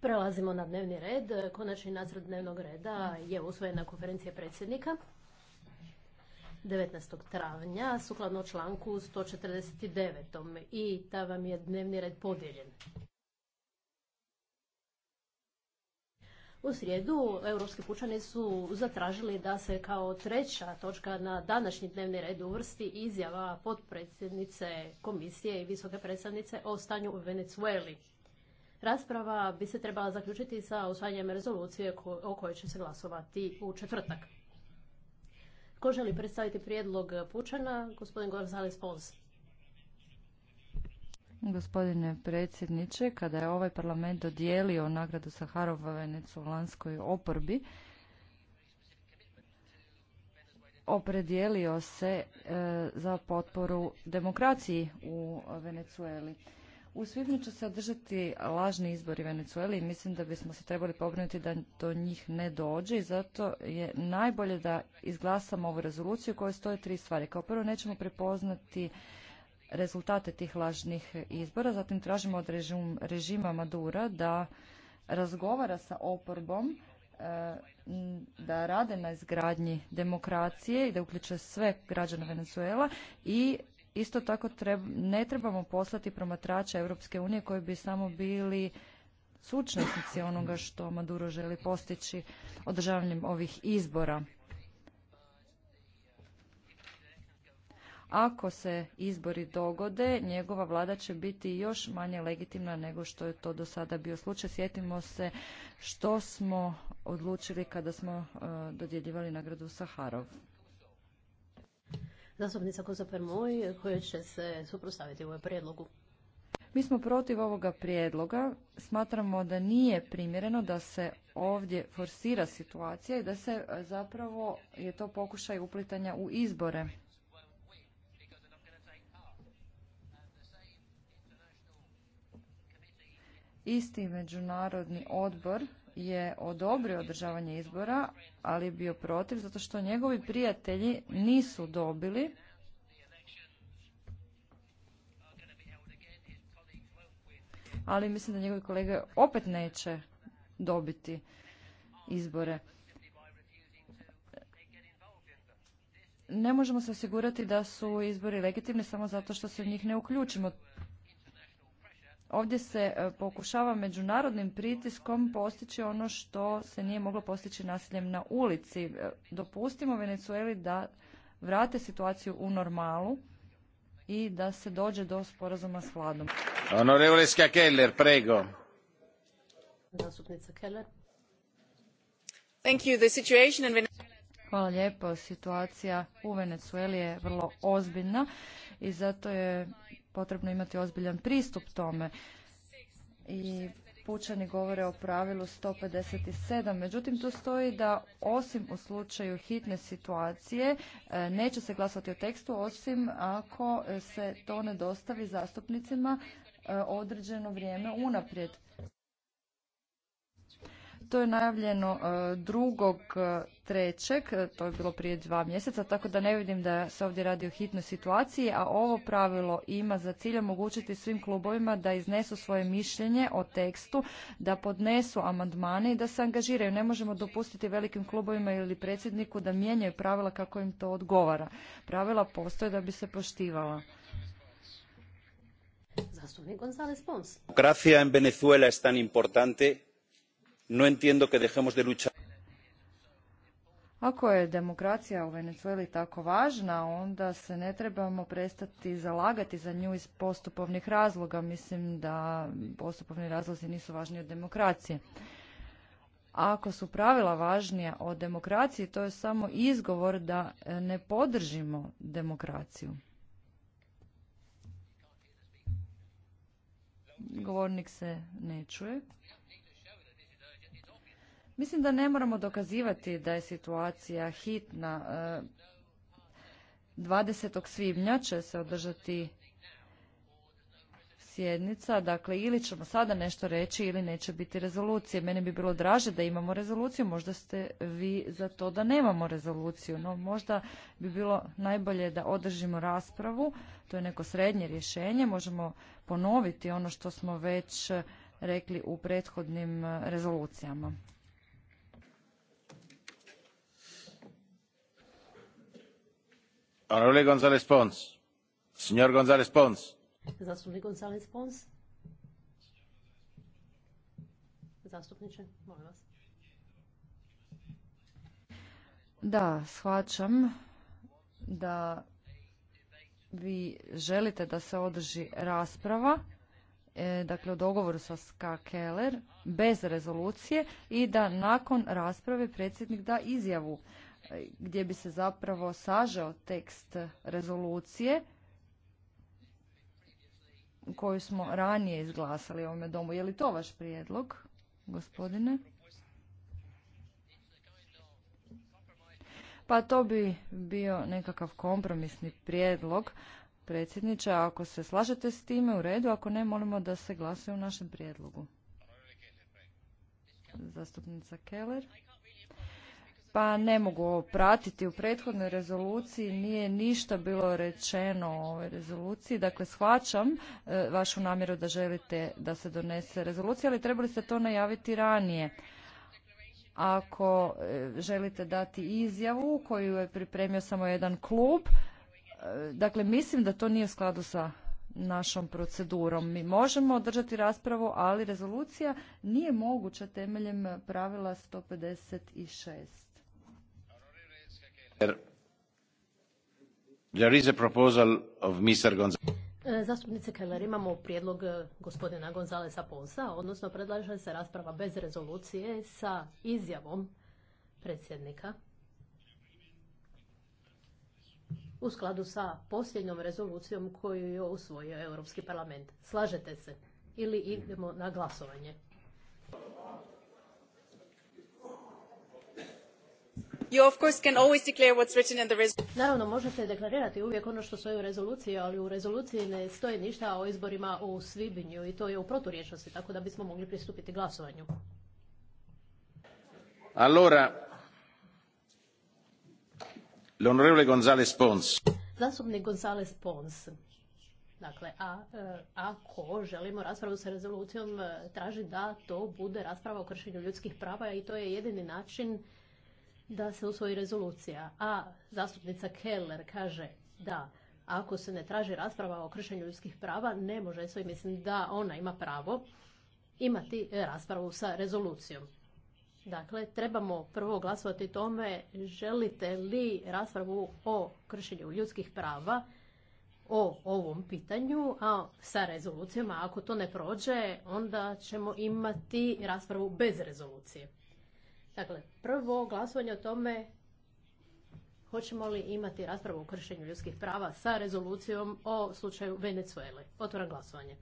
Prelazimo na dnevni red. Konačni nacrt dnevnog reda je usvojena konferencija predsjednika 19. travnja sukladno članku 149. i ta vam je dnevni red podijeljen. U srijedu europski pučani su zatražili da se kao treća točka na današnji dnevni red uvrsti izjava potpredsjednice komisije i visoke predstavnice o stanju u Venezueli. Rasprava bi se trebala zaključiti sa usvajanjem rezolucije o kojoj će se glasovati u četvrtak. Ko želi predstaviti prijedlog Pučana? Gospodin Gorzales Pons? Gospodine predsjedniče, kada je ovaj parlament dodijelio nagradu Saharova venecuelanskoj oporbi, opredijelio se e, za potporu demokraciji u Venecueli. U svibnju će se održati lažni izbori Venezueli i mislim da bismo se trebali pobrinuti da do njih ne dođe i zato je najbolje da izglasamo ovu rezoluciju u kojoj stoje tri stvari. Kao prvo nećemo prepoznati rezultate tih lažnih izbora, zatim tražimo od režima Madura da razgovara sa oporbom eh, da rade na izgradnji demokracije i da uključe sve građane Venezuela i Isto tako ne trebamo poslati promatrača Europske unije koji bi samo bili sučnosnici onoga što Maduro želi postići održavanjem ovih izbora. Ako se izbori dogode, njegova vlada će biti još manje legitimna nego što je to do sada bio slučaj. Sjetimo se što smo odlučili kada smo e, dodjeljivali nagradu Saharov zastupnica Kozoper Moj koja će se suprostaviti u ovom prijedlogu. Mi smo protiv ovoga prijedloga. Smatramo da nije primjereno da se ovdje forsira situacija i da se e, zapravo je to pokušaj uplitanja u izbore. Isti međunarodni odbor je odobrio održavanje izbora, ali je bio protiv zato što njegovi prijatelji nisu dobili ali mislim da njegovi kolege opet neće dobiti izbore. Ne možemo se osigurati da su izbori legitimni samo zato što se u njih ne uključimo. Ovdje se e, pokušava međunarodnim pritiskom postići ono što se nije moglo postići nasiljem na ulici. E, dopustimo Venezueli da vrate situaciju u normalu i da se dođe do sporazuma s vladom. Hvala lijepo. Situacija u Venezueli je vrlo ozbiljna i zato je potrebno imati ozbiljan pristup tome. I pučani govore o pravilu 157. Međutim, tu stoji da osim u slučaju hitne situacije e, neće se glasati o tekstu osim ako se to ne dostavi zastupnicima e, određeno vrijeme unaprijed to je najavljeno e, drugog e, trećeg, e, to je bilo prije dva mjeseca, tako da ne vidim da se ovdje radi o hitnoj situaciji, a ovo pravilo ima za cilj omogućiti svim klubovima da iznesu svoje mišljenje o tekstu, da podnesu amandmane i da se angažiraju. Ne možemo dopustiti velikim klubovima ili predsjedniku da mijenjaju pravila kako im to odgovara. Pravila postoje da bi se poštivala. Zastupnik Pons. en Venezuela es tan importante no entiendo que dejemos de luchar. Ako je demokracija u Venezueli tako važna, onda se ne trebamo prestati zalagati za nju iz postupovnih razloga. Mislim da postupovni razlozi nisu važni od demokracije. Ako su pravila važnija od demokraciji, to je samo izgovor da e, ne podržimo demokraciju. Govornik se ne čuje. Mislim da ne moramo dokazivati da je situacija hitna. 20. E, svibnja će se održati sjednica, dakle ili ćemo sada nešto reći ili neće biti rezolucije. Meni bi bilo draže da imamo rezoluciju, možda ste vi za to da nemamo rezoluciju, no možda bi bilo najbolje da održimo raspravu, to je neko srednje rješenje, možemo ponoviti ono što smo već rekli u prethodnim e, rezolucijama. Honorable Pons. Zastupniče, molim vas. Da, shvaćam da vi želite da se održi rasprava, e, dakle u dogovoru sa Ska Keller, bez rezolucije i da nakon rasprave predsjednik da izjavu gdje bi se zapravo sažao tekst rezolucije koju smo ranije izglasali u ovome domu. Je li to vaš prijedlog, gospodine? Pa to bi bio nekakav kompromisni prijedlog predsjedniče. Ako se slažete s time, u redu. Ako ne, molimo da se glasuje u našem prijedlogu. Zastupnica Keller pa ne mogu pratiti. U prethodnoj rezoluciji nije ništa bilo rečeno o ovoj rezoluciji. Dakle, shvaćam e, vašu namjeru da želite da se donese rezolucija, ali trebali ste to najaviti ranije. Ako e, želite dati izjavu koju je pripremio samo jedan klub, e, dakle, mislim da to nije u skladu sa našom procedurom. Mi možemo održati raspravu, ali rezolucija nije moguća temeljem pravila 156. Er, e, zastupnice Keller, imamo prijedlog e, gospodina Gonzalesa Ponsa, odnosno predlaže se rasprava bez rezolucije sa izjavom predsjednika u skladu sa posljednjom rezolucijom koju je usvojio Europski parlament. Slažete se ili idemo na glasovanje? You of course can always declare what's written in the Naravno, možete deklarirati uvijek ono što stoji u rezoluciji, ali u rezoluciji ne stoji ništa o izborima u Svibinju i to je u proturječnosti, tako da bismo mogli pristupiti glasovanju. Allora, l'onorevole Gonzales Pons. Dakle, a, e, ako želimo raspravu sa rezolucijom, e, traži da to bude rasprava o kršenju ljudskih prava i to je jedini način da se usvoji rezolucija, a zastupnica Keller kaže da ako se ne traži rasprava o kršenju ljudskih prava, ne može svoj mislim da ona ima pravo imati raspravu sa rezolucijom. Dakle, trebamo prvo glasovati tome želite li raspravu o kršenju ljudskih prava o ovom pitanju, a sa rezolucijama ako to ne prođe, onda ćemo imati raspravu bez rezolucije. Dakle, prvo glasovanje o tome hoćemo li imati raspravu o kršenju ljudskih prava sa rezolucijom o slučaju Venezuele. Otvoram glasovanje.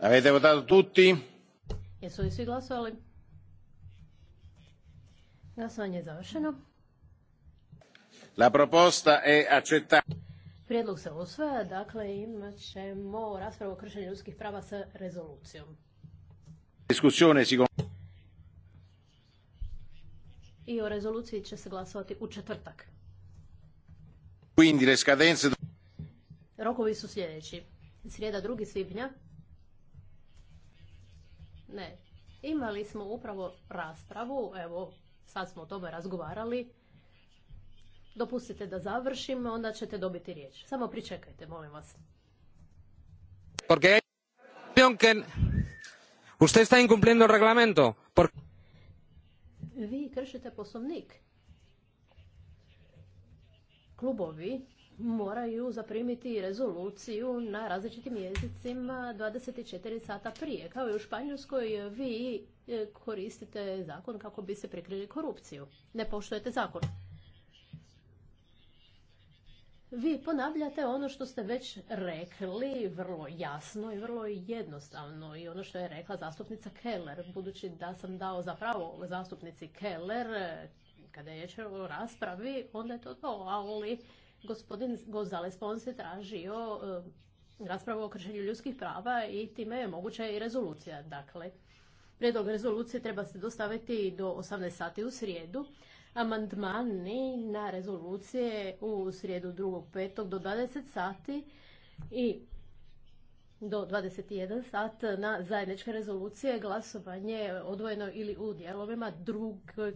Avete votato tutti? Jesu li svi glasovali? Glasovanje je završeno. La proposta è accettata. Prijedlog se usvaja, dakle imat ćemo raspravu o kršenju ljudskih prava sa rezolucijom. Diskusione si i o rezoluciji će se glasovati u četvrtak. Quindi le scadenze... Rokovi su sljedeći. Srijeda 2. svibnja, ne. Imali smo upravo raspravu, evo sad smo o tome razgovarali. Dopustite da završim, onda ćete dobiti riječ. Samo pričekajte, molim vas. usted está incumpliendo el Vi kršite poslovnik. Klubovi moraju zaprimiti rezoluciju na različitim jezicima 24 sata prije. Kao i u Španjolskoj, vi e, koristite zakon kako bi se prikrili korupciju. Ne poštujete zakon. Vi ponavljate ono što ste već rekli vrlo jasno i vrlo jednostavno i ono što je rekla zastupnica Keller, budući da sam dao zapravo zastupnici Keller e, kada je o raspravi, onda je to to, ali gospodin Gozales Pons je tražio e, raspravu o kršenju ljudskih prava i time je moguća i rezolucija. Dakle, prijedlog rezolucije treba se dostaviti do 18 sati u srijedu. Amandmani na rezolucije u srijedu 2.5. do 20 sati i do 21 sat na zajedničke rezolucije glasovanje odvojeno ili u dijelovima 2.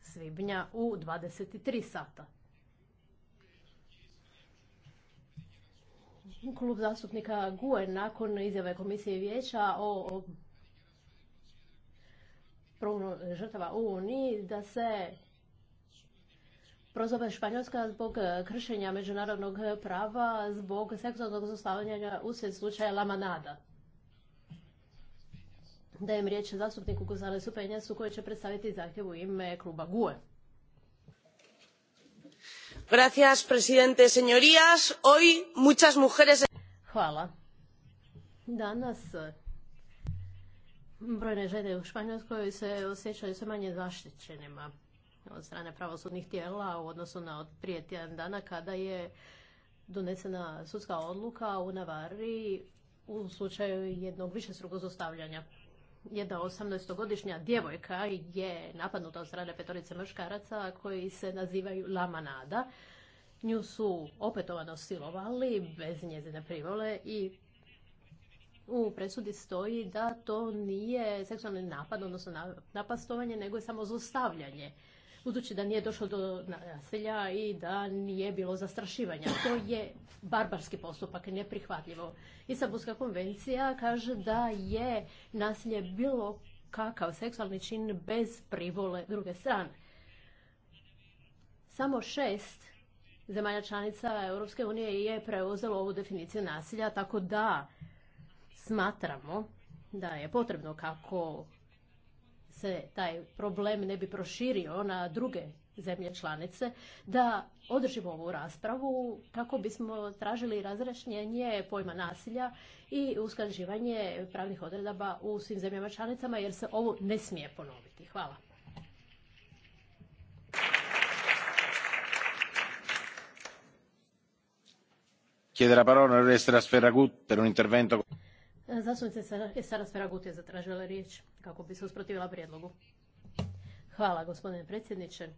svibnja u 23 sata. Klub zastupnika GUE nakon izjave Komisije vijeća o, progonu žrtava u Uniji da se prozove Španjolska zbog kršenja međunarodnog prava zbog seksualnog zlostavljanja usred slučaja Lamanada. Dajem riječ zastupniku Gonzalesu Penjasu koji će predstaviti zahtjev u ime kluba GUE. Gracias, presidente. Señorías, hoy muchas mujeres... Hvala. Danas eh, brojne žene u Španjolskoj se osjećaju sve manje zaštićenima od strane pravosudnih tijela u odnosu na od prije tjedan dana kada je donesena sudska odluka u Navari u slučaju jednog višestrukog zlostavljanja jedna 18-godišnja djevojka je napadnuta od strane petorice muškaraca koji se nazivaju Lamanada. Nju su opetovano silovali bez njezine privole i u presudi stoji da to nije seksualni napad, odnosno napastovanje, nego je samo zlostavljanje budući da nije došlo do nasilja i da nije bilo zastrašivanja. To je barbarski postupak, neprihvatljivo. Istanbulska konvencija kaže da je nasilje bilo kakav seksualni čin bez privole druge strane. Samo šest zemalja članica Europske unije je preuzelo ovu definiciju nasilja, tako da smatramo da je potrebno kako se taj problem ne bi proširio na druge zemlje članice, da održimo ovu raspravu kako bismo tražili razrešnjenje pojma nasilja i usklađivanje pravnih odredaba u svim zemljama članicama jer se ovo ne smije ponoviti. Hvala. Chiede per intervento. Zastupnica Sara Sferagut je zatražila riječ kako bi se usprotivila prijedlogu. Hvala gospodine predsjedniče.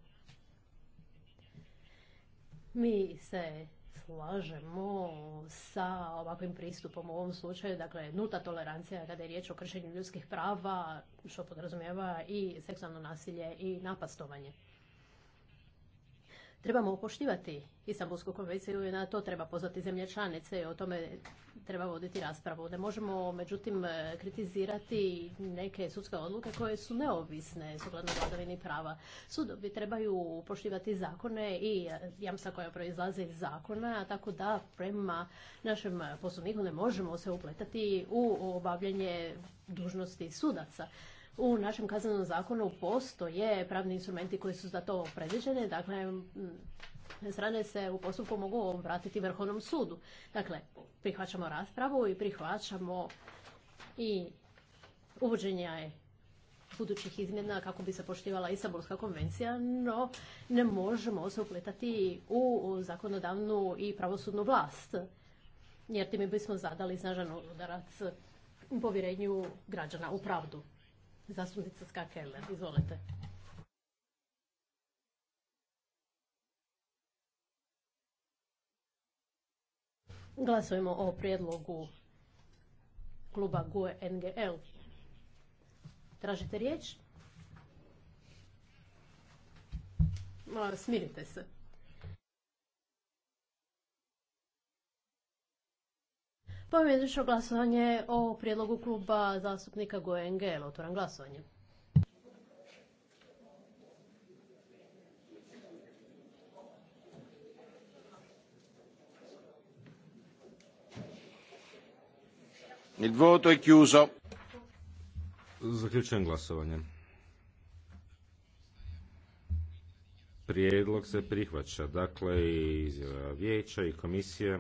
Mi se slažemo sa ovakvim pristupom u ovom slučaju, dakle nuta tolerancija kada je riječ o kršenju ljudskih prava, što podrazumijeva i seksualno nasilje i napastovanje trebamo upoštivati Istanbulsku konvenciju i na to treba pozvati zemlje članice i o tome treba voditi raspravu. Ne možemo međutim kritizirati neke sudske odluke koje su neovisne sukladno vladavini prava. Sudovi trebaju poštivati zakone i jamstva koja proizlaze iz zakona, tako da prema našem poslovniku ne možemo se upletati u obavljanje dužnosti sudaca u našem kaznenom zakonu postoje pravni instrumenti koji su za to predviđeni, dakle strane se u postupku mogu obratiti Vrhovnom sudu. Dakle, prihvaćamo raspravu i prihvaćamo i uvođenje budućih izmjena kako bi se poštivala Istanbulska konvencija, no ne možemo se upletati u zakonodavnu i pravosudnu vlast, jer time bismo zadali snažan udarac povjerenju građana u pravdu. Zastupnica Skakeler, izvolite. Glasujemo o prijedlogu kluba GUE NGL. Tražite riječ? smirite se. Povjednično glasovanje o prijedlogu kluba zastupnika GONG. Otvoram glasovanje. Il voto è chiuso. Zaključujem glasovanje. Prijedlog se prihvaća, dakle, izjava vijeća i komisije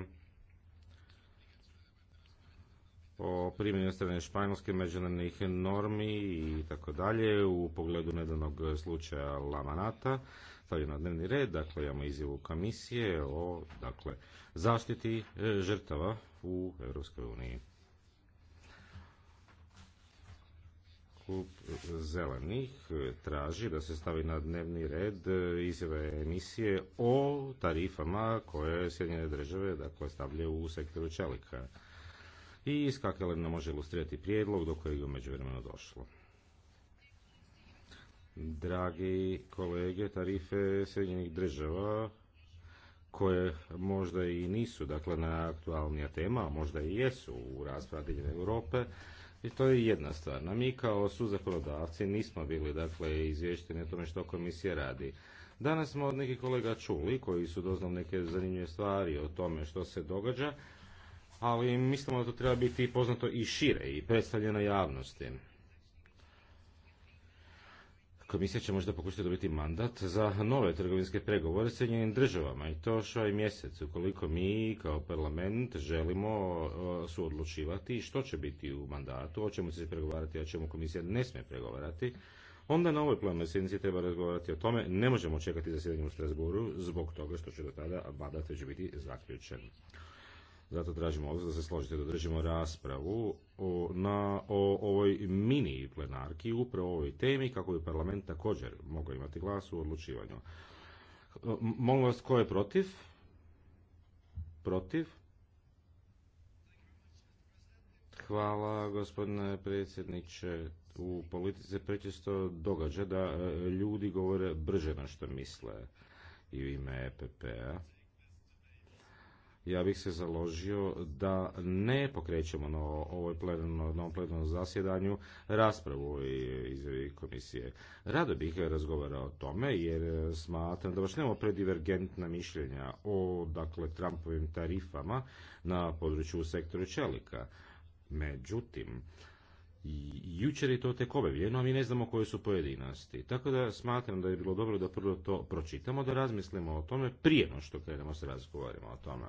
o primjenju strane španjolske međunarodnih normi i tako dalje u pogledu nedavnog slučaja Lamanata stavljen na dnevni red, dakle imamo izjavu komisije o dakle, zaštiti e, žrtava u Europskoj uniji. Klub zelenih e, traži da se stavi na dnevni red e, izjave emisije o tarifama koje Sjedinjene države dakle, stavljaju u sektoru čelika i iz je nam može ilustrirati prijedlog do kojeg je umeđu došlo. Dragi kolege, tarife Sjedinjenih država koje možda i nisu dakle na aktualnija tema, a možda i jesu u raspravi Europe, i to je jedna stvar. Na mi kao suzakonodavci nismo bili dakle izvješteni o tome što komisija radi. Danas smo od nekih kolega čuli koji su doznali neke zanimljive stvari o tome što se događa ali mislimo da to treba biti poznato i šire i predstavljeno javnosti. Komisija će možda pokušati dobiti mandat za nove trgovinske pregovore s njenim državama i to što ovaj je mjesec ukoliko mi kao parlament želimo suodlučivati što će biti u mandatu, o čemu će se pregovarati, o čemu komisija ne smije pregovarati. Onda na ovoj plenarnoj sjednici treba razgovarati o tome. Ne možemo čekati zasjedanje u Strasburu zbog toga što će do tada mandat već biti zaključen. Zato tražimo ovdje da se složite da držimo raspravu o, na, o ovoj mini plenarki, upravo o ovoj temi, kako bi parlament također mogao imati glas u odlučivanju. E, molim vas, ko je protiv? Protiv? Hvala, gospodine predsjedniče. U politici se prečesto događa da e, ljudi govore brže na što misle i u ime EPP-a ja bih se založio da ne pokrećemo na ovoj plenarno, plenarnom zasjedanju raspravu iz komisije. Rado bih razgovarao o tome jer smatram da baš nemamo predivergentna mišljenja o dakle Trumpovim tarifama na području sektoru čelika. Međutim, jučer je to tek objavljeno, a mi ne znamo koje su pojedinosti. Tako da smatram da je bilo dobro da prvo to pročitamo, da razmislimo o tome prije no što krenemo s razgovorima o tome.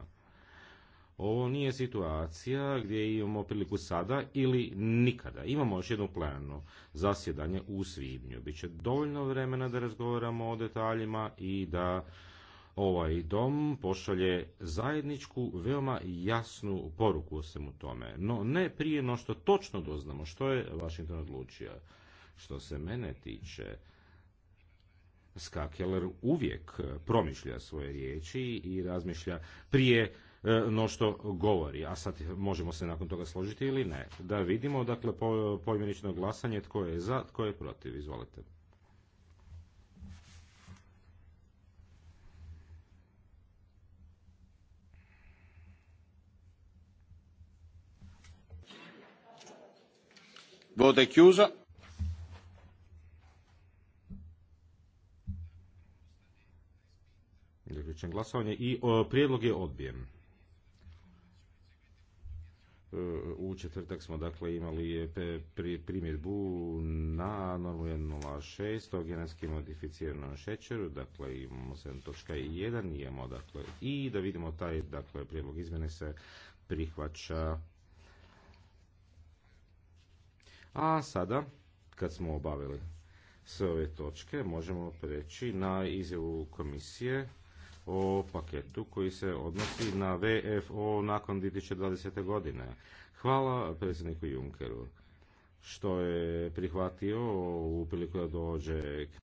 Ovo nije situacija gdje imamo priliku sada ili nikada. Imamo još jedno planu zasjedanje u svibnju. Biće dovoljno vremena da razgovaramo o detaljima i da ovaj dom pošalje zajedničku, veoma jasnu poruku o svemu tome. No ne prije no što točno doznamo što je Washington odlučio. Što se mene tiče, Skakeler uvijek promišlja svoje riječi i razmišlja prije E, no što govori. A sad možemo se nakon toga složiti ili ne. Da vidimo, dakle, pojmenično glasanje tko je za, tko je protiv. Izvolite. Vote è chiuso. glasovanje i o, prijedlog je odbijen. E, u četvrtak smo dakle imali primjedbu na normu 1.06 o genetski modificiranom šećeru, dakle imamo 7.1, imamo dakle i da vidimo taj dakle prijedlog izmjene se prihvaća. A sada, kad smo obavili sve ove točke, možemo preći na izjavu komisije o paketu koji se odnosi na VFO nakon 2020. godine. Hvala predsjedniku Junkeru što je prihvatio u priliku da dođe